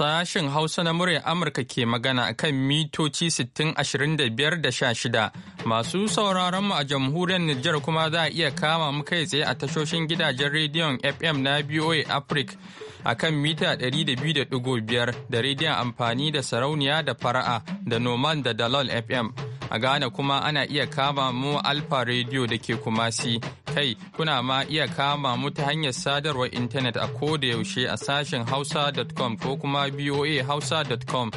Sashen Hausa na muryar Amurka ke magana kan mitoci 6025 da shida Masu sauraron mu a jamhuriyar Nijar kuma za a iya kama mu kai tsaye a tashoshin gidajen rediyon FM na BOA Africa a kan mita 200.5 da rediyon amfani da sarauniya da fara'a da Noman da Dalol FM. A Ghana kuma ana iya kama mu Alfa Radio da ke Kumasi. Kai, kuna ma iya kama mu ta hanyar sadarwar intanet a koda yaushe a sashen hausa.com ko kuma Hausa.com.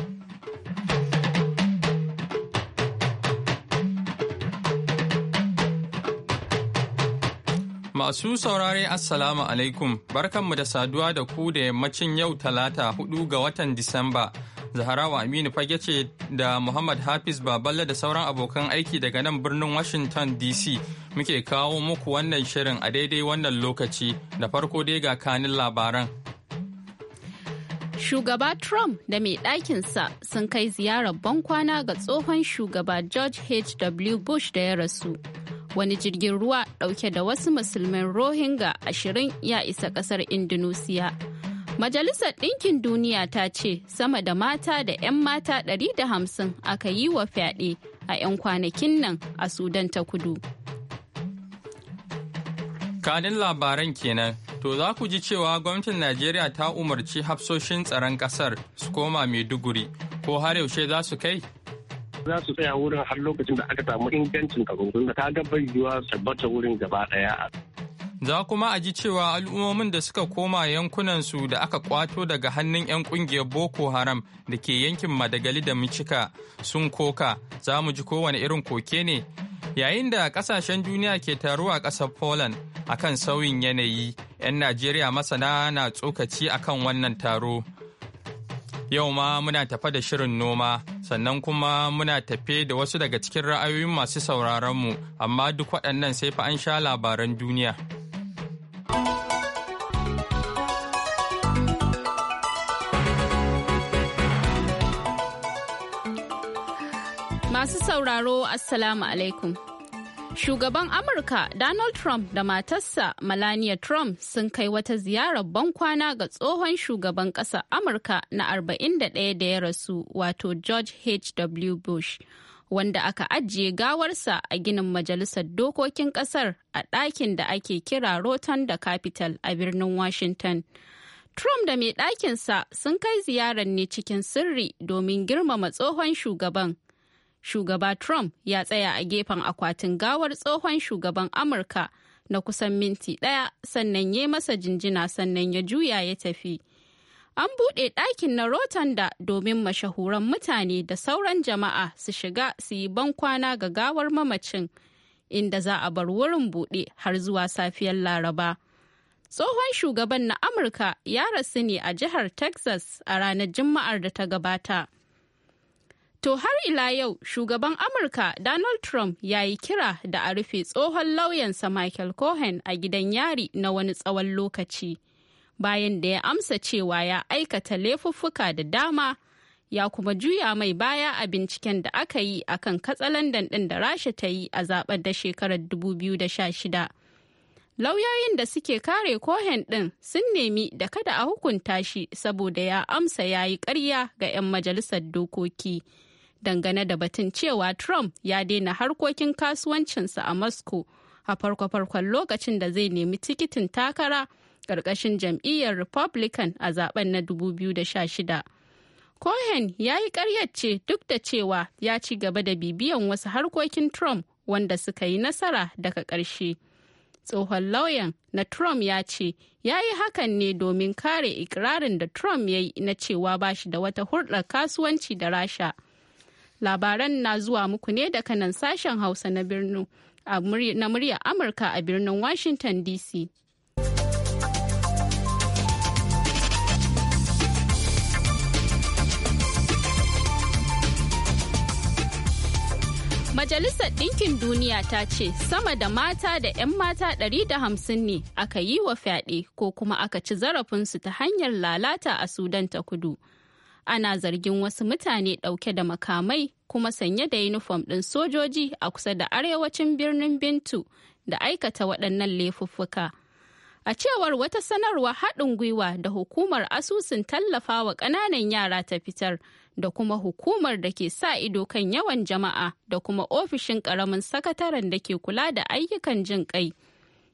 Masu saurare Assalamu alaikum, barkanmu da saduwa da ku da yammacin yau talata hudu ga watan Disamba. Zaharawa Aminu fage ce da Muhammad Hafiz Baballe da sauran abokan aiki daga nan birnin Washington DC muke kawo muku wannan shirin a daidai wannan lokaci da farko dai ga kanin labaran. Shugaba Trump da mai ɗakinsa sun kai ziyarar bankwana ga tsohon shugaba George H.W. Bush da ya rasu. Wani jirgin ruwa ɗauke da wasu musulmin Rohingya ashirin ya isa ƙasar Indonesia. Majalisar Ɗinkin Duniya ta ce sama da mata da 'yan mata 150 aka yi wa fyaɗe a 'yan kwanakin nan a Sudan ta kudu. Kanin labaran kenan, to za ku ji cewa gwamnatin Najeriya ta umarci hafsoshin tsaron ƙasar su koma Maiduguri, ko har yaushe za su kai? za su tsaya wurin har lokacin da aka samu ingancin da ta gabar yiwuwa tabbata wurin gaba ɗaya. Za kuma a ji cewa al'ummomin da suka koma yankunansu da aka kwato daga hannun 'yan kungiyar Boko Haram da ke yankin Madagali da Micika sun koka, za mu ji kowane irin koke ne. Yayin da kasashen duniya ke taruwa ƙasar Poland akan sauyin yanayi, 'yan Najeriya masana na tsokaci akan wannan taro. Yau ma muna tafe da shirin noma, sannan kuma muna tafe da wasu daga cikin ra'ayoyin masu sauraronmu, amma duk waɗannan sai fa an sha labaran duniya. sauraro Assalamu alaikum. Shugaban Amurka Donald Trump da matarsa Melania Trump sun kai wata ziyarar bankwana ga tsohon shugaban ƙasa Amurka na 41 da ya rasu wato George H.W. Bush, wanda aka ajiye gawarsa a ginin Majalisar Dokokin ƙasar a ɗakin da ake kira da Capital a birnin Washington. Trump da mai ɗakinsa sun kai ziyarar ne cikin sirri domin girmama tsohon shugaban. shugaba Trump ya tsaya a gefen akwatin gawar tsohon shugaban Amurka na kusan minti ɗaya sannan ya masa jinjina sannan ya juya ya tafi. An buɗe ɗakin na Rotunda domin mashahuran mutane da sauran jama'a su shiga su yi bankwana ga gawar mamacin inda za a bar wurin buɗe har zuwa safiyar Laraba. Tsohon shugaban na Amurka ya rasu ne a jihar Texas a ranar Juma'ar da ta gabata. To har ila yau shugaban Amurka Donald Trump ya yi kira da a rufe tsohon lauyansa Michael Cohen a gidan yari na wani tsawon lokaci. Bayan da ya amsa cewa ya aikata laifuffuka da dama ya kuma juya mai baya a binciken da aka yi a kan katsalandan ɗin da rasha ta yi a zaɓar da shekarar 2016. Lauyoyin da suke kare Cohen ɗin sun nemi da kada a hukunta shi saboda ya amsa ya yi ƙarya ga 'yan majalisar dokoki. dangane da batun cewa Trump ya daina harkokin kasuwancinsa a Moscow a farko-farkon lokacin da zai nemi tikitin takara ƙarƙashin jam'iyyar Republican a zaben na 2016. Cohen ya yi ƙaryace duk da cewa ya ci gaba da bibiyan wasu harkokin Trump wanda suka yi nasara daga ƙarshe. Tsohon lauyan na Trump ya ce ya yi hakan ne domin kare ikirarin da Trump ya yi na cewa ba shi da wata hurɗar kasuwanci da Rasha. labaran na zuwa muku ne daga nan sashen hausa na birnin na murya amurka a birnin washington dc Majalisar Ɗinkin Duniya ta ce sama da mata da 'yan mata 150 ne aka yi wa fyaɗe ko kuma aka ci zarafinsu ta hanyar lalata a Sudan ta kudu. ana zargin wasu mutane ɗauke da makamai kuma sanye da yunifom ɗin sojoji a kusa da arewacin birnin Bintu da aikata waɗannan laifuffuka. A cewar wata sanarwa haɗin gwiwa da hukumar asusun tallafawa ƙananan yara ta fitar da kuma hukumar da ke sa ido kan yawan jama'a da kuma ofishin ƙaramin sakataren da ke kula da ayyukan jin ƙai.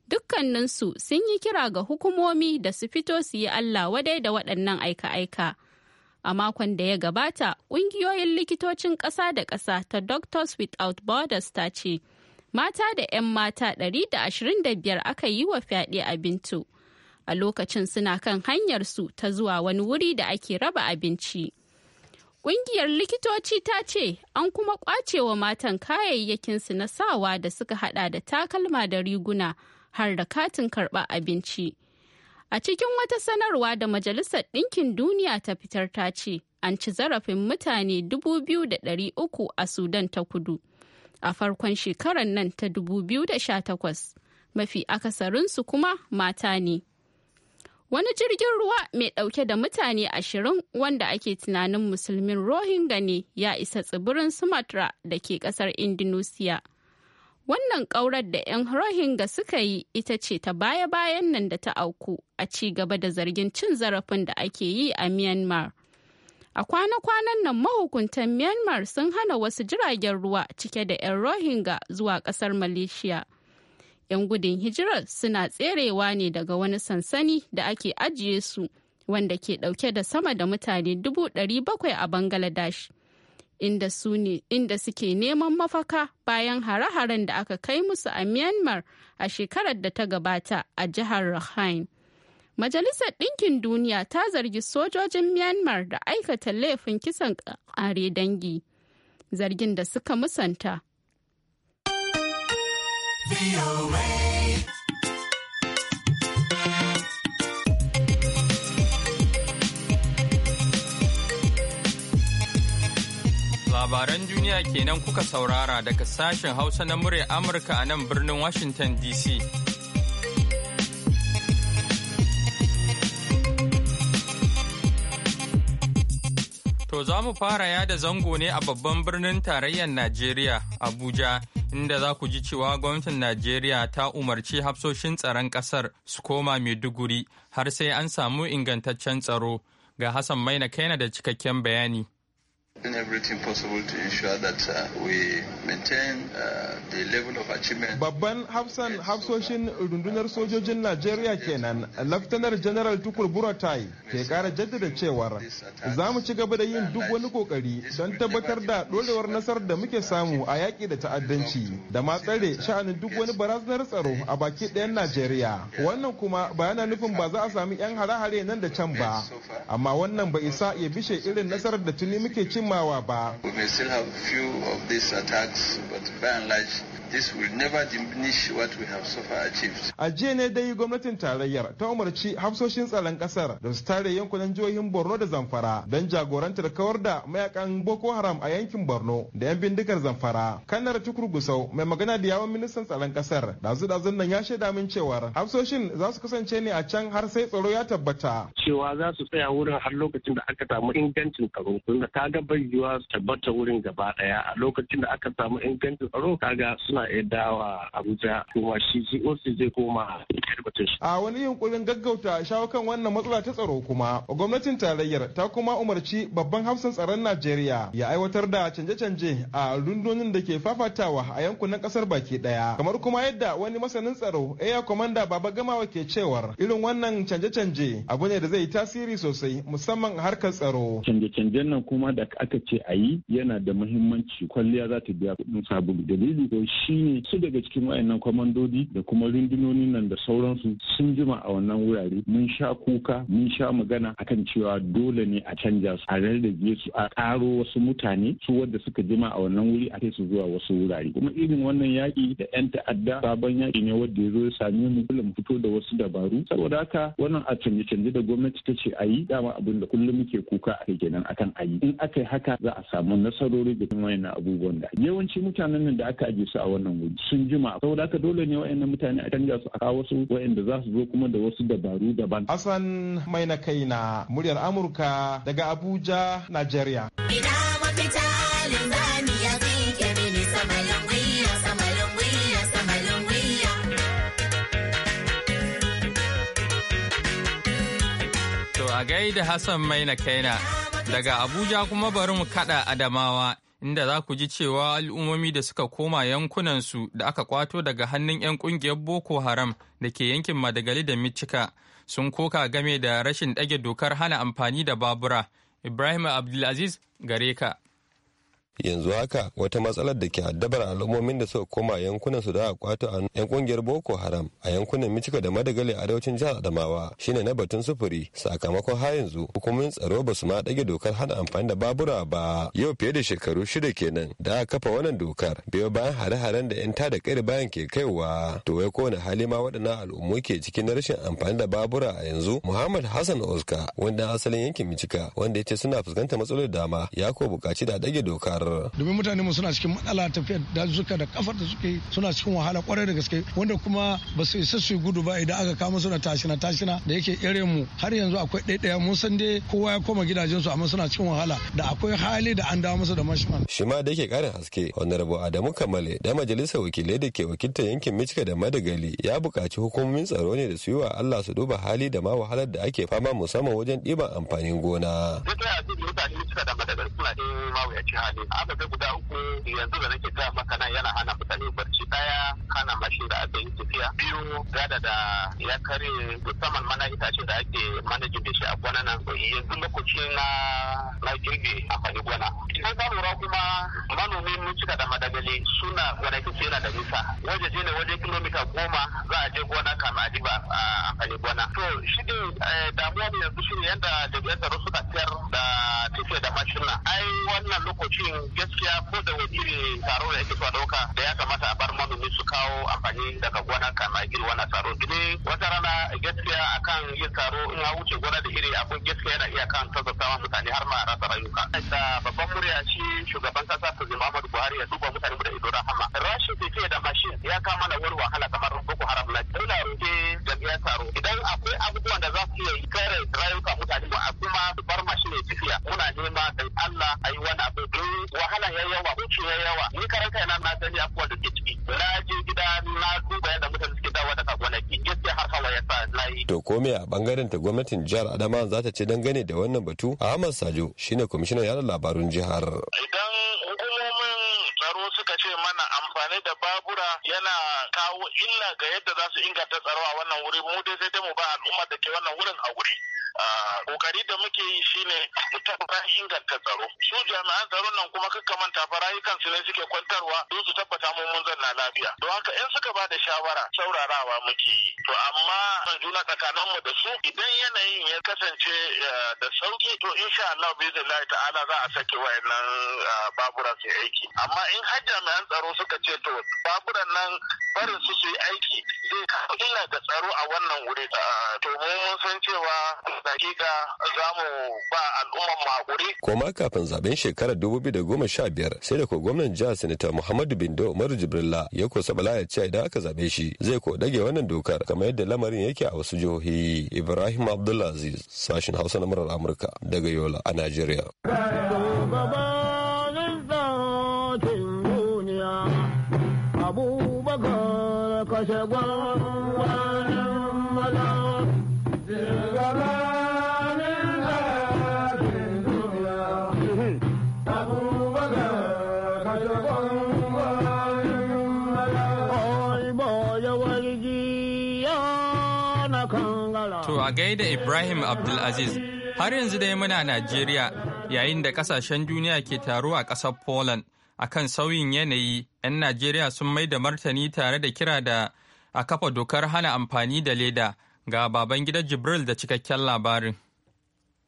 Dukkaninsu sun yi kira ga hukumomi da su fito su yi Allah wadai da waɗannan aika-aika. A makon da ya gabata, ƙungiyoyin likitocin ƙasa da ƙasa ta Doctors Without Borders ta ce, mata da 'yan mata 125 aka yi wa fyaɗe a Bintu. A lokacin suna kan hanyarsu ta zuwa wani wuri da ake raba abinci. Ƙungiyar likitoci ta ce an kuma ƙwace wa matan kayayyakinsu na sawa da suka haɗa da takalma da riguna har da katin karɓar abinci. A cikin wata sanarwa da Majalisar Ɗinkin Duniya ta fitar ta ce, an ci zarafin mutane 2,300 a Sudan ta kudu a farkon shekarar nan ta 2018, mafi akasarinsu kuma mata ne. Wani jirgin ruwa mai ɗauke da mutane ashirin wanda ake tunanin musulmin Rohingya ne ya isa tsibirin Sumatra da ke ƙasar Indonesia. Wannan ƙaurar da 'yan Rohingya suka yi ita ce ta baya-bayan nan da ta auku a ci gaba da zargin cin zarafin da ake yi a Myanmar. A kwana-kwanan nan mahukuntan Myanmar sun hana wasu jiragen ruwa cike da 'yan Rohingya zuwa ƙasar Malaysia. 'Yan gudun hijirar suna tserewa ne daga wani sansani da ake ajiye su wanda ke ɗauke da sama da mutane 700 a Bangladesh. inda suke neman mafaka bayan hare-haren da aka kai musu a Myanmar a shekarar da ta gabata a jihar Rakhine. Majalisar Ɗinkin Duniya ta zargi sojojin Myanmar da aikata laifin kisan ƙare dangi, zargin da suka musanta. labaran duniya kenan kuka saurara daga sashen hausa na murya amurka a nan birnin washington dc To za mu fara yada zango ne a babban birnin tarayyar Najeriya, Abuja, inda za ku ji cewa gwamnatin Najeriya ta umarci hafsoshin tsaron kasar su koma Maiduguri har sai an samu ingantaccen tsaro. Ga Hassan Maina kaina da cikakken bayani. doing everything possible to ensure that uh, we maintain uh, the level of achievement. Babban hafsan hafsoshin rundunar sojojin Najeriya kenan, Laftanar General Tukur Buratai ke kara jaddada cewar za mu ci gaba da yin duk wani kokari don tabbatar da dorewar nasarar da muke samu a yaƙi da ta'addanci da ma tsare sha'anin duk wani barazanar tsaro a baki ɗayan Najeriya. Wannan kuma ba yana nufin ba za a sami 'yan hare-hare nan da can ba, amma wannan ba isa ya bishe irin nasarar da tuni muke ci We may still have a few of these attacks, but by and large, This will never diminish what we have so far achieved. A jiya ne dai gwamnatin tarayyar ta umarci hafsoshin tsaron kasar da su tare yankunan jihohin Borno da Zamfara don jagorantar kawar da mayakan Boko Haram a yankin Borno da 'yan bindigar Zamfara. Kanar Tukurgusau mai magana da yawon ministan tsaron kasar dazu-dazun nan ya shaida min cewar hafsoshin za su kasance ne a can har sai tsaro ya tabbata. Cewa za su tsaya wurin har lokacin da aka samu ingancin tsaro. Tunda ta bai yiwuwa su tabbata wurin gaba daya a lokacin da aka samu ingancin tsaro kaga suna Allah ya dawa Abuja kuma shi zai koma A wani yunkurin gaggauta shawo kan wannan matsala ta tsaro kuma gwamnatin tarayyar ta kuma umarci babban hafsan tsaron Najeriya ya aiwatar da canje-canje a rundunonin da ke fafatawa a yankunan kasar baki daya kamar kuma yadda wani masanin tsaro Air Commander Baba Gamawa ke cewar irin wannan canje-canje abu ne da zai tasiri sosai musamman harkar tsaro. Canje-canjen nan kuma da aka ce a yi yana da muhimmanci kwalliya za ta biya kuɗin sabulu dalili ko shi shine su daga cikin wayannan kwamandodi da kuma rundunonin nan da sauransu sun jima a wannan wurare mun sha kuka mun sha magana akan cewa dole ne a canja su a rarrage su a karo wasu mutane su wadda suka jima a wannan wuri a kai su zuwa wasu wurare kuma irin wannan yaki da yan ta'adda sabon yaki ne wanda ya zo ya same mu mu fito da wasu dabaru saboda haka wannan a canje canje da gwamnati ta ce a yi dama abin da kullum muke kuka a kenan akan a yi in aka yi haka za a samu nasarori da wayannan abubuwan da yawanci mutanen nan da aka aje su a wannan wuri sun jima saboda haka dole ne waannan mutane a canza su a kawo su wayanda za su zo kuma da wasu dabaru daban Hassan mai na kai na muryar Amurka daga Abuja Nigeria a gaida Hassan Maina Kaina daga Abuja kuma bari mu kaɗa Adamawa inda za ku ji cewa al'ummomi da suka koma yankunansu da aka kwato daga hannun 'yan ƙungiyar boko haram da ke yankin madagali da micika sun koka game da rashin ɗage dokar hana amfani da babura ibrahim abdulaziz gare ka yanzu haka wata matsalar da ke addabar al'ummomin da suka koma yankunan su da a kwato a yan kungiyar boko haram a yankunan Micika da madagali arewacin jihar adamawa shine na batun sufuri sakamakon har yanzu hukumomin tsaro ba su ma dage dokar hana amfani da babura ba yau fiye da shekaru shida kenan da aka kafa wannan dokar biyo bayan hare-haren da yan tada kai bayan ke kaiwa to wai kowane hali ma waɗannan al'ummu ke cikin na rashin amfani da babura a yanzu muhammad hassan oska wanda asalin yankin Micika, wanda ya ce suna fuskantar matsalolin dama ya ko buƙaci da dage dokar kasar domin mutane mu suna cikin matsala tafiyar suka da kafar da suke suna cikin wahala kwarai da gaske wanda kuma ba su isa su gudu ba idan aka kama suna tashina tashina da yake ire mu har yanzu akwai ɗaya mun san dai kowa ya koma gidajensu amma suna cikin wahala da akwai hali da an dawo musu da mashman shi ma da yake karin haske honorable Adamu Kamale da majalisar wakilai da ke wakiltar yankin Michigan da Madagali ya buƙaci hukumomin tsaro ne da su yi wa Allah su duba hali da ma wahalar da ake fama musamman wajen ɗiban amfanin gona. cikin ci hali ababe guda uku yanzu da nake gaya maka nan yana hana mutane barci daya hana mashi da ake yi tafiya biyu gada da ya kare musamman mana itace da ake manajin da shi a gwana nan yanzu lokacin na na girbe amfani gwana. idan ka lura kuma manomi mun cika da madagali suna gwana su yana da nisa waje je ne waje kilomita goma za a je gona kama a diba amfani to shi ne eh, damuwa ne yanzu shi ne yadda jami'an tsaro suka tiyar da tafiya da mashina ai wannan lokacin gaskiya ko da wani taro da yake dauka da ya kamata a bar manomi su kawo amfani daga gona kana iri wannan taro dole wata rana gaskiya akan yin taro in ya wuce gona da iri abun gaskiya yana iya kan tazartawa mutane har ma rasa rayuka da babban murya shi shugaban kasa Muhammadu Buhari ya duba mutane da ido rahama rashin tafiya da mashin ya kama na wani wahala ne a bangaren ta gwamnatin jihar adama za ta ce dangane da wannan batu ahmad sajo shine kwamishinan yada labarun jihar Allah bi da Allah ta'ala za a sake wayannan ah, babura su aiki amma in har jami'an tsaro suka ce to baburan nan barin su su yi aiki zai kawo illa da tsaro a wannan wuri ah, to mu mun san cewa dakika za mu ba al'umman makuri koma kafin zaben shekarar da goma sha biyar, sai da ko gwamnan jihar sanata Muhammadu Bindo Umaru Jibrilla ya ko Bala ya ce idan aka zabe shi zai ko dage wannan dokar kamar yadda lamarin yake a wasu jihohi Ibrahim Abdulaziz sashin Hausa na murar Amurka daga Yola To a Najeriya. Abubakar kashe Ibrahim Abdulaziz Har yanzu dai muna Najeriya yayin da kasashen duniya ke taro a ƙasar Poland akan sauyin yanayi, 'yan Najeriya sun mai da martani tare da kira da a kafa dokar hana amfani da leda ga baban gidan Jibril da cikakken labarin.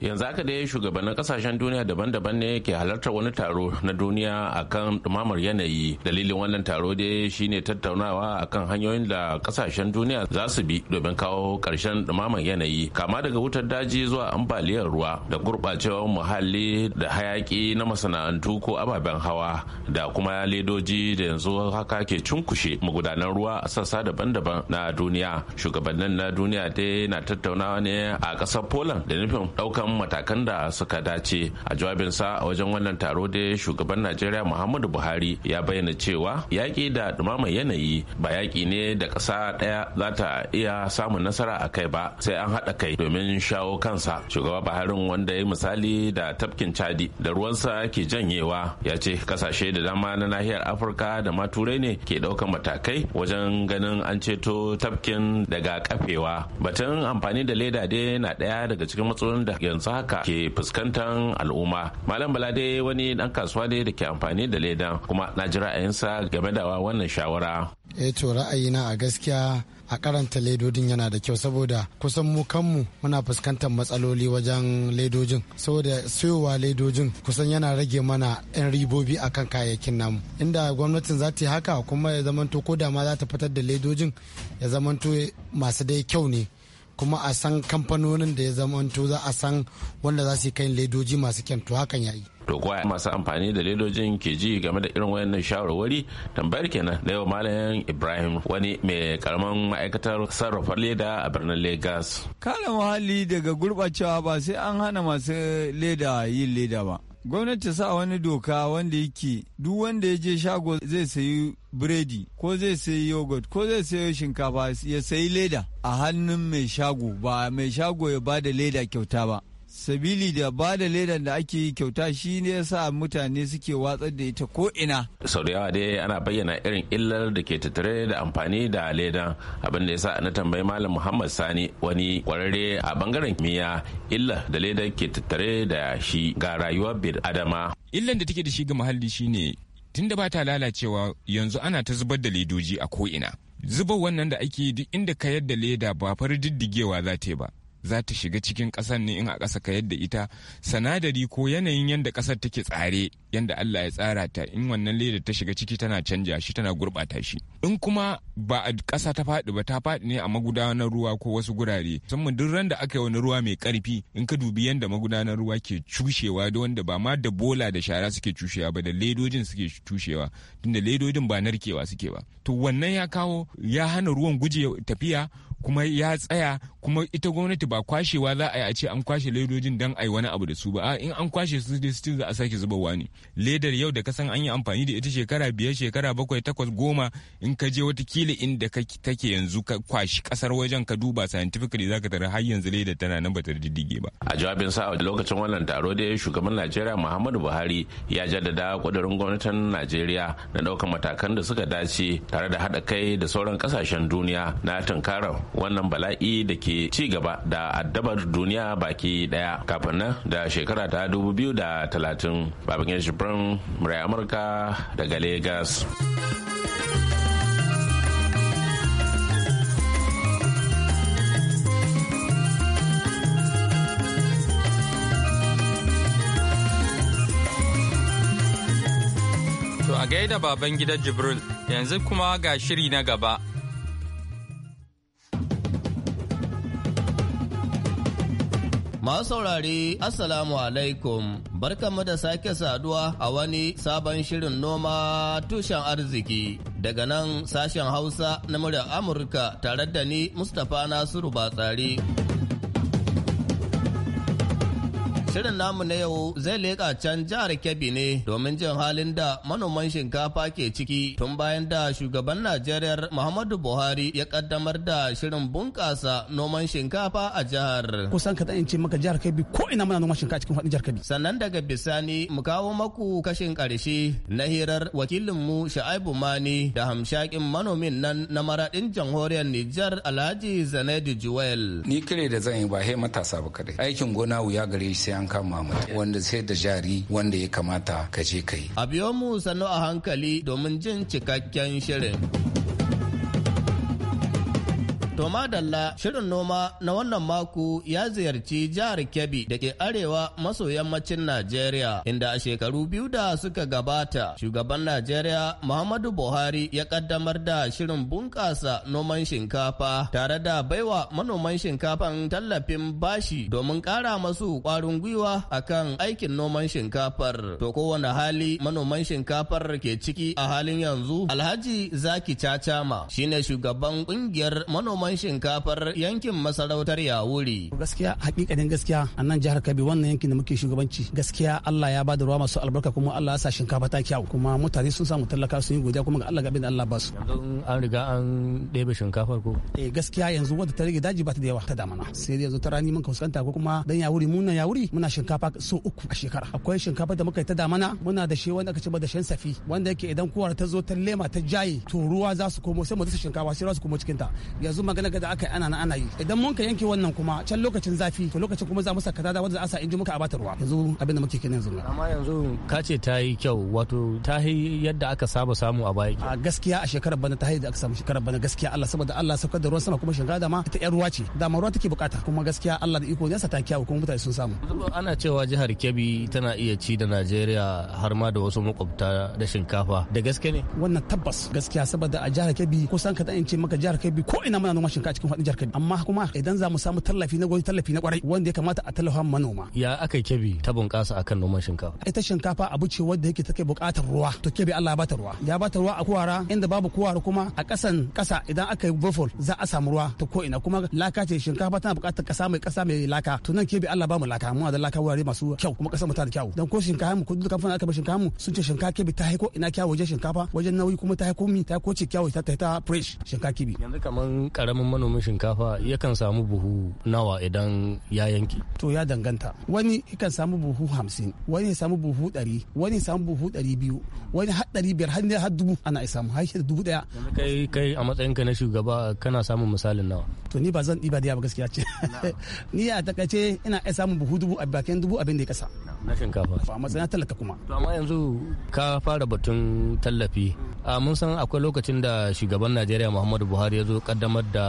yanzu haka dai shugabannin kasashen duniya daban-daban ne ke halartar wani taro na duniya akan dumamar yanayi dalilin wannan taro dai shine tattaunawa akan hanyoyin da kasashen duniya za su bi domin kawo karshen ɗumamar yanayi kama daga wutar daji zuwa ambaliyar ruwa da gurɓacewar muhalli da hayaki na masana'antu ko ababen hawa da kuma ledoji da yanzu haka ke cunkushe magudanan ruwa a sassa daban-daban na duniya shugabannin na duniya dai na tattaunawa ne a ƙasar poland da nufin ɗaukan kan matakan da suka dace a jawabinsa a wajen wannan taro da shugaban najeriya muhammadu buhari ya bayyana cewa yaƙi da ɗumamar yanayi ba yaƙi ne da ƙasa ɗaya za ta iya samun nasara a kai ba sai an haɗa kai domin shawo kansa shugaba buhari wanda ya misali da tafkin chadi da ruwansa ke janyewa ya ce kasashe da dama na nahiyar afirka da ma turai ne ke ɗaukan matakai wajen ganin an ceto tafkin daga kafewa batun amfani da leda dai na ɗaya daga cikin matsalolin da yanzu yanzu haka ke fuskantar al'umma malam bala dai wani dan kasuwa ne da ke amfani da leda kuma na ji ra'ayinsa game da wannan shawara eto eh to ra'ayina a gaskiya a karanta ledodin yana da kyau saboda kusan mu kanmu muna fuskantar matsaloli wajen ledojin saboda siyowa ledojin kusan yana rage mana 'yan ribobi a kan kayayyakin namu inda gwamnatin za ta yi haka kuma ya zamanto ko da ma za ta fitar da ledojin ya zamanto masu dai kyau ne kuma a san kamfanonin da ya zamanto za a san wanda za su yi kayan ledoji masu kyantu to hakan yayi kuwa masu amfani da ledojin ke ji game da irin wayannan shawarwari tambayar kenan da yau malayan ibrahim wani mai karaman ma'aikatar sarrafa leda a birnin lagos kala muhalli daga gurbacewa ba sai an hana masu leda yin leda ba gwamnati sa wani doka wanda yake duk wanda ya je shago zai sayi biredi ko zai sayi yogurt ko zai sayi shinkafa ya sayi leda a hannun mai shago ba mai shago ya ba da leda kyauta ba sabili da ba da ledan da ake yi kyauta shi ne sa mutane suke watsar da ita ko ina sau da yawa dai ana bayyana irin illar da ke tattare da amfani da leda abin da sa na tambayi malam muhammad sani wani kwararre a bangaren kimiyya illa da ledan ke tattare da shi ga rayuwar bil adama illan da take da shi ga muhalli shine tunda ba ta lalacewa yanzu ana ta zubar da ledoji a ko'ina zubar wannan da ake duk inda ka yadda leda ba far diddigewa za ta yi ba za ta shiga cikin ƙasar ne in a ƙasa ka yadda ita sanadari ko yanayin yadda ƙasar take tsare yadda Allah ya tsara ta in wannan leda ta shiga ciki tana canja shi tana gurɓata shi in kuma ba a ƙasa ta faɗi ba ta faɗi ne a magudanar ruwa ko wasu gurare musamman duk ran da aka yi wani ruwa mai ƙarfi in ka dubi yadda magudanar ruwa ke cushewa da wanda ba ma da bola da shara suke cushewa ba da ledojin suke cushewa tunda ledojin ba narkewa suke ba to wannan ya kawo ya hana ruwan guje tafiya kuma ya tsaya kuma ita gwamnati ba kwashewa za a yi a ce an kwashe ledojin don a yi wani abu da su ba in an kwashe su da su za a sake zuba wani. ledar yau da kasan an yi amfani da ita shekara biyar shekara bakwai takwas goma in ka je watakila inda kake yanzu ka kwashi kasar wajen ka duba scientifically za ka tara har yanzu ledar tana nan ba ta diddige ba. a jawabin sa a lokacin wannan taro da shugaban najeriya muhammadu buhari ya jaddada kudurin gwamnatin najeriya na daukan matakan da suka dace tare da haɗa kai da sauran kasashen duniya na tunkarar wannan bala'i da ke ci gaba da addabar duniya baki daya kafin nan da shekara ta 2030 babin shifrin murai amurka daga lagos a gaida baban gida jibril yanzu kuma ga shiri na gaba Masu saurare Assalamu alaikum barkanmu da sake saduwa a wani sabon shirin noma tushen arziki daga nan sashen Hausa na muryar Amurka tare da ni Mustapha Nasiru Batsari. Shirin namu na yau zai leƙa can jihar Kebbi ne domin jin halin da manoman shinkafa ke ciki tun bayan da shugaban Najeriya Muhammadu Buhari ya kaddamar da shirin bunƙasa noman shinkafa a jihar. Kusan ka in ce maka jihar Kebbi ko ina muna noman shinkafa cikin faɗin jihar Kebbi. Sannan daga bisani mu kawo maku kashin ƙarshe na hirar wakilinmu Sha'aibu Mani da hamshakin manomin nan na maraɗin jamhuriyar Nijar Alhaji Zanedi Juwel. Ni kire da zan yi ba he matasa ba kadai. Aikin gona wuya gare shi an kama mutum wanda sai da jari wanda ya kamata ka je ka yi. A biyo mu sannu a hankali domin jin cikakken shirin. To madalla shirin noma na wannan mako ya ziyarci jihar Kebbi da ke arewa maso yammacin Najeriya inda a shekaru biyu da suka gabata shugaban Najeriya Muhammadu Buhari ya kaddamar da shirin bunƙasa noman shinkafa tare da baiwa manoman shinkafan tallafin bashi domin ƙara masu ƙwarin gwiwa akan aikin noman shinkafar. To kowane hali manoman shinkafar ke ciki a halin yanzu Alhaji Zaki Cacama shine shugaban ƙungiyar manoman noman shinkafar yankin masarautar Yawuri. Gaskiya hakikanin gaskiya a nan jihar Kabi wannan yankin da muke shugabanci gaskiya Allah ya ba da ruwa masu albarka kuma Allah ya sa shinkafa ta kyau kuma mutane sun samu talaka sun yi godiya kuma ga Allah gabin da Allah ba su. Yanzu an riga an ɗebe shinkafar ko? Eh gaskiya yanzu wanda ta rage daji ba ta da yawa ta damana sai dai yanzu ta rani mun kuskanta ko kuma dan Yawuri mun nan Yawuri muna shinkafa so uku a shekara. Akwai shinkafa da muka yi ta damana muna da shi wanda aka ce ba da shan safi wanda yake idan kowar ta zo ta lema ta jaye to ruwa za su komo sai mu dasa shinkafa sai ruwa su komo cikin ta yanzu magana ga da aka yi ana na ana yi idan mun ka yanke wannan kuma can lokacin zafi to lokacin kuma za mu saka dada wanda za a sa inji muka abata ruwa yanzu abin da muke kenan yanzu amma yanzu ka ce ta yi kyau wato ta yi yadda aka saba samu a baya a gaskiya a shekarar bana ta yi da aka samu shekarar bana gaskiya Allah saboda Allah saukar da ruwan sama kuma da dama ta yar ruwa ce ma ruwa take bukata kuma gaskiya Allah da iko yasa ta kyawu kuma mutane sun samu ana cewa jihar Kebbi tana iya ci da Najeriya har ma da wasu makwabta da shinkafa da gaske ne wannan tabbas gaskiya saboda a jihar Kebbi kusan ka in ce maka jihar Kebbi ko ina muna noman shinkafa cikin faɗin jihar Kebbi amma kuma idan za mu samu tallafi na gwamnati tallafi na kwarai wanda ya kamata a tallafa manoma ya aka yi Kebbi ta bunƙasa akan noman shinkafa ita shinkafa abu ce wanda yake take buƙatar ruwa to Kebbi Allah ya bata ruwa ya bata ruwa a kuwara inda babu kuwara kuma a ƙasan ƙasa idan aka yi bofol za a samu ruwa ta ko ina kuma laka ce shinkafa tana buƙatar ƙasa mai ƙasa mai laka to nan Kebbi Allah ba mu laka mu da laka wurare masu kyau kuma ƙasar mu ta da kyau dan ko shinkafa mu ko duk kamfanin aka bar shinkafa mu sun ce shinkafa Kebbi ta haiko ina kyawu wajen shinkafa wajen nauyi kuma ta haiko mi ta ko ce kyawu ta ta fresh shinkafa Kebbi yanzu kaman karamin manomin shinkafa yakan samu buhu nawa idan ya yanke to ya danganta wani yakan samu buhu hamsin wani ya samu buhu ɗari wani ya samu buhu ɗari biyu wani har ɗari biyar har har dubu ana isa mu har dubu ɗaya kai kai a matsayin ka na shugaba kana samun misalin nawa to ni ba zan ɗiba da ba gaskiya ce ni a takaice ina iya samu buhu dubu a bakin dubu abin da ya kasa na shinkafa a matsayin talaka kuma to amma yanzu ka fara batun tallafi mun san akwai lokacin da shugaban najeriya muhammadu buhari ya zo kaddamar da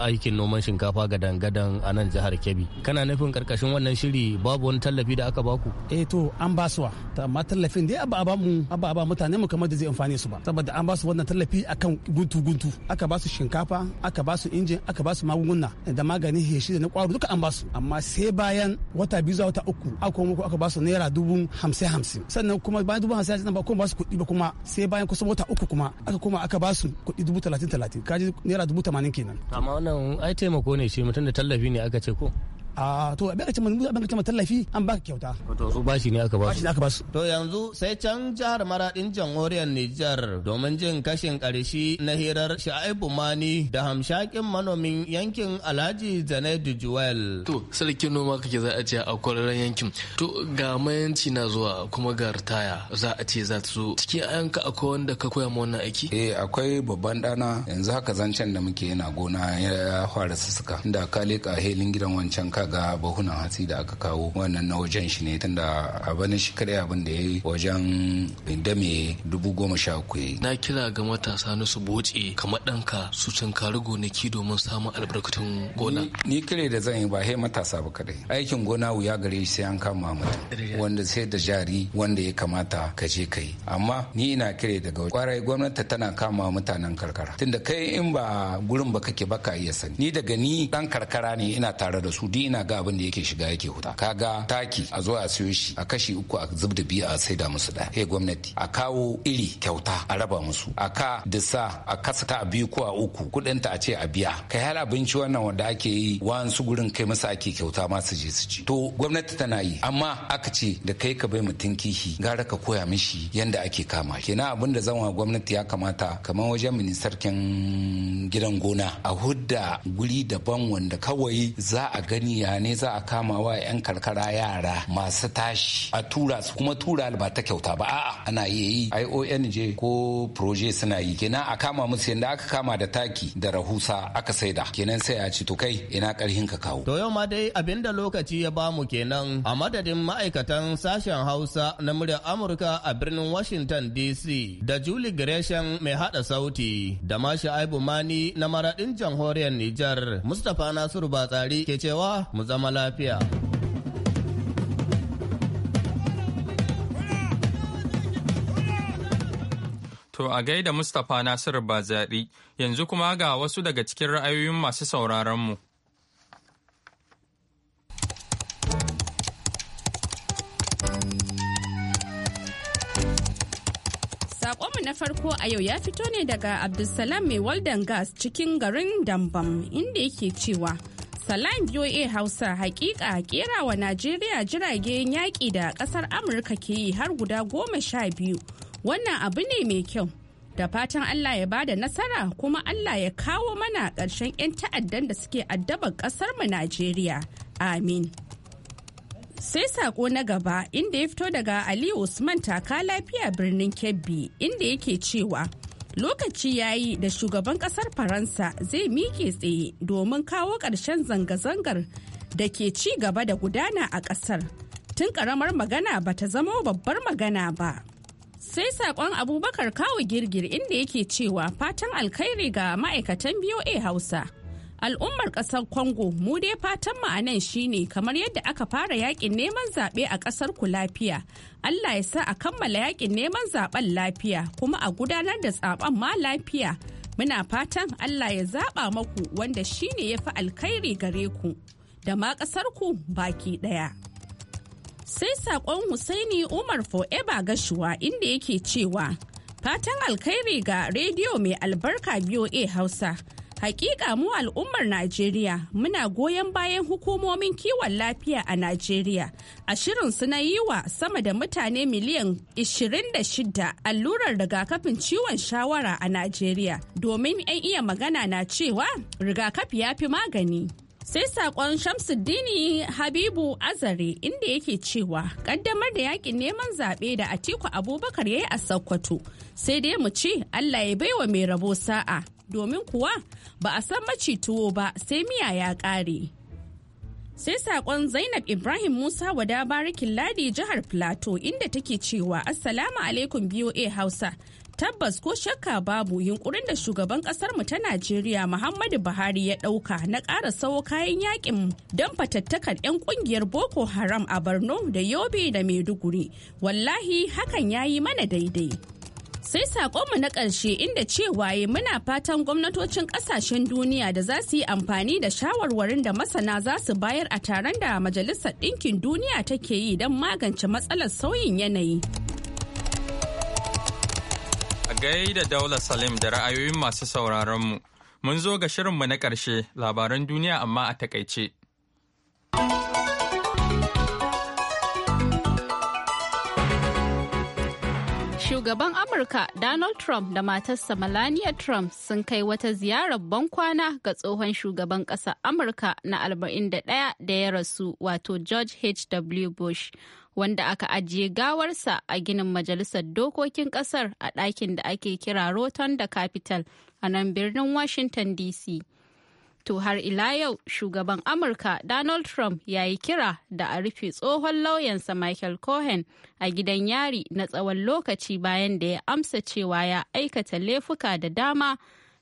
aikin noman shinkafa ga dangadan a nan jihar Kebbi. Kana nufin karkashin wannan shiri babu wani tallafi da aka baku? Eh to an basuwa amma tallafin dai ba a ba mu ba a ba mutane mu kamar da zai amfane su ba saboda an ba su wannan tallafi akan guntu guntu aka ba su shinkafa aka ba su injin aka ba su magunguna da maganin heshi da na kwaro duka an ba su amma sai bayan wata biyu zuwa wata uku aka muku aka ba su naira dubu hamsin hamsin sannan kuma bayan dubu hamsin hamsin ba kuma ba su kuɗi ba kuma sai bayan kusan wata uku kuma aka koma aka ba su kuɗi dubu talatin talatin kaji naira dubu tamanin kenan. amma wannan ai taimako ne shi mutum da tallafi ne aka ce ko a to a baka cimma a baka tallafi an baka kyauta to su bashi ne aka basu bashi aka basu to yanzu sai can jihar maradin jamhuriyar Nijar domin jin kashin karshe na hirar Sha'ibu Mani da hamshakin manomin yankin Alhaji Zanaidu Juwel to sarkin noma kake za a ce a kwararren yankin to ga mayanci na zuwa kuma ga taya za a ce za ta zo cikin ayanka akwai wanda ka koya ma wannan aiki eh akwai babban ɗana. yanzu haka zancen da muke yana gona ya fara sassaka inda ka leka helin gidan wancan ka ga bahunan hatsi da aka kawo wannan na wajen shi ne tunda a shi kadai abin da ya yi wajen dame dubu goma sha kuwa. na kira ga matasa na su boce kamar ɗanka su tunkari gonaki domin samun albarkatun gona. ni kare da zan yi ba hai matasa ba kadai aikin gona wuya gare shi sai an kama mutum wanda sai da jari wanda ya kamata ka je kai yi amma ni ina kira daga kwarai gwamnati tana kama mutanen karkara tunda kai in ba gurin ba kake baka iya sani ni daga ni dan karkara ne ina tare da su yana ga abin da yake shiga yake huta ga taki a zuwa a siyo shi a kashi uku a zub da biyu a saida musu da he gwamnati a kawo iri kyauta a raba musu a ka da sa a kasa ta a biyu ko a uku kudin ta a ce a biya kai har abinci wannan wanda ake yi wasu gurin kai masa ake kyauta ma su je su ci to gwamnati tana yi amma aka ce da kai ka bai mutum kihi gara ka koya mishi yanda ake kama kenan abin da zan wa gwamnati ya kamata kamar wajen ministarkin gidan gona a hudda guri daban wanda kawai za a gani ne za a kama wa 'yan karkara yara masu tashi a tura su kuma tura ba ta kyauta ba a'a ana iya yi IONJ ko proje suna yi kenan a kama musu yadda aka kama da taki da rahusa aka saida kenan sai a ci to kai ina karhin ka kawo. To yau ma dai abinda lokaci ya bamu kenan a madadin ma'aikatan sashen Hausa na muryar Amurka a birnin Washington DC da Julie Gresham mai hada sauti da Mashi Aibu Mani na maradin jamhuriyar Nijar Mustapha Nasiru Batsari ke cewa mu zama lafiya. To a gaida Mustapha Nasiru Bazaɗi yanzu kuma ga wasu daga cikin ra'ayoyin masu sauraronmu. Saƙonmu na farko a yau ya fito ne daga Abdulsalam mai waldan gas cikin garin Dambam inda yake cewa Salam BOA Hausa hakika kera wa Najeriya jiragen yaƙi da ƙasar Amurka ke yi har guda goma sha biyu. Wannan abu ne mai kyau. Da fatan Allah ya bada nasara kuma Allah ya kawo mana ƙarshen 'yan ta'addan da suke addabar ƙasar mu Najeriya. Amin. Sai sako na gaba inda ya fito daga Ali Usman taka lafiya birnin Kebbi inda yake cewa. lokaci ya yi da shugaban kasar faransa zai miƙe tsaye domin kawo ƙarshen zanga-zangar da ke ci gaba da gudana a ƙasar tun ƙaramar magana ba ta zama babbar magana ba sai saƙon abubakar kawo girgir inda yake cewa fatan alkhairi ga ma'aikatan boa hausa al'ummar kasar congo mu dai fatan ma'anan shi ne shine kamar yadda aka fara yakin neman zaɓe a ƙasar ku lafiya allah ya sa a kammala yakin neman zaben lafiya kuma a gudanar da tsaben ma lafiya muna fatan allah ya zaɓa maku wanda shine ya fi alkhairi gare ku da ma ƙasar ku baki ɗaya sai saƙon husaini umar forever gashuwa inda yake cewa fatan alkhairi ga rediyo mai albarka boa hausa Hakika mu al'ummar Najeriya muna goyon bayan hukumomin kiwon lafiya a Najeriya. A shirin su na yi wa sama da mutane miliyan 26 allurar rigakafin ciwon shawara a Najeriya. Domin 'yan iya magana na cewa rigakafi ya fi magani. sai sakon shamsuddini habibu azare inda yake cewa kaddamar da yakin neman zaɓe da atiku abubakar ya yi a sokoto sai dai mu ce allah ya baiwa mai rabo sa'a domin kuwa ba a san maci tuwo ba sai miya ya kare. Sai saƙon Zainab Ibrahim Musa wada barikin ladi jihar Plateau inda take cewa Assalamu alaikum BOA Hausa. Tabbas ko shakka babu yunkurin da shugaban mu ta Najeriya Muhammadu Buhari ya ɗauka na ƙara sawo kayan yakin don fatattakar 'yan ƙungiyar Boko Haram a Borno da Yobe da Maiduguri. Wallahi hakan ya yi mana daidai. sai saƙonmu na ƙarshe inda cewa muna fatan gwamnatocin ƙasashen duniya da za su yi amfani da shawarwarin da masana za su bayar a taron da majalisar ɗinkin duniya take yi don magance matsalar sauyin yanayi a da daula salim da ra'ayoyin masu sauraronmu mun zo ga shirinmu na ƙarshe labaran duniya amma a takaice Shugaban Amurka Donald Trump da matarsa Melania Trump sun kai wata ziyarar ban kwana ga tsohon shugaban ƙasa Amurka na 41 da ya rasu wato George H.W. Bush, wanda aka ajiye gawarsa a ginin Majalisar Dokokin ƙasar a ɗakin da ake kira Roton da Capital a nan birnin Washington DC. To har ila yau shugaban Amurka Donald Trump ya yi kira da a rufe tsohon lauyansa Michael Cohen a gidan yari na tsawon lokaci bayan da ya amsa cewa ya aikata laifuka da dama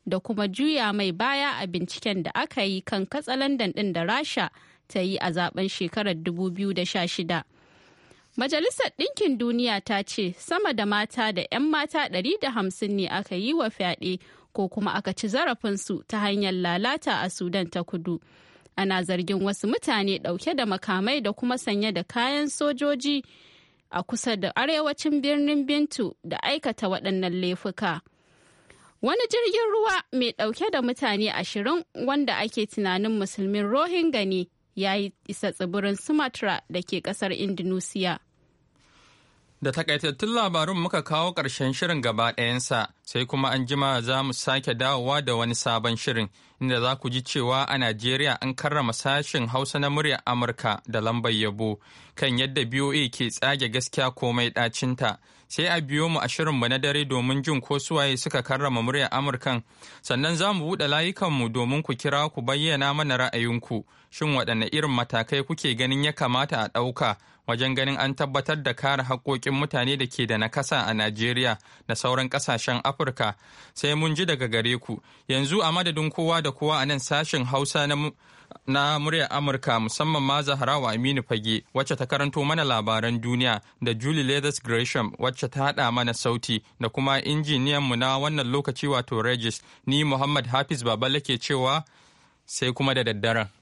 da kuma juya mai baya a binciken da aka yi kan katsalandan ɗin da Rasha ta yi a zaben shekarar 2016. Majalisar Ɗinkin Duniya ta ce sama da mata da 'yan mata 150 ne aka yi wa fyaɗe. ko kuma aka ci zarafinsu ta hanyar lalata a Sudan ta kudu. Ana zargin wasu mutane ɗauke da makamai da kuma sanye da kayan sojoji a kusa da arewacin birnin Bintu da aikata waɗannan laifuka. Wani jirgin ruwa mai ɗauke da mutane ashirin wanda ake tunanin musulmin Rohingya ne ya isa tsibirin Sumatra da ke ƙasar Indonesia. Da takaitattun labarun muka kawo ƙarshen shirin gaba ɗayansa sai kuma an jima za mu sake dawowa da wani sabon shirin inda za ku ji cewa a Najeriya an karrama sashen Hausa na muryar Amurka da lambar yabo kan yadda BOA ke tsage gaskiya komai ɗacinta. Sai a biyo mu a shirin shirinmu na dare domin jin ko suwaye suka karrama muryar Amurkan. Sannan za mu buɗe layukanmu domin ku kira ku bayyana mana ra'ayinku. Shin waɗanne irin matakai kuke ganin ya kamata a ɗauka wajen ganin an tabbatar da kare haƙoƙin mutane da ke da nakasa a Najeriya da sauran ƙasashen Afirka sai mun ji daga gare ku. Yanzu a madadin kowa da kowa a nan sashen Hausa na na muryar Amurka musamman ma Zaharawa Aminu Fage wacce ta karanto mana labaran duniya da Julie Leathers Gresham wacce ta haɗa mana sauti da kuma injiniyan mu na wannan lokaci wato Regis ni Muhammad Hafiz Baba ke cewa sai kuma da daddaren.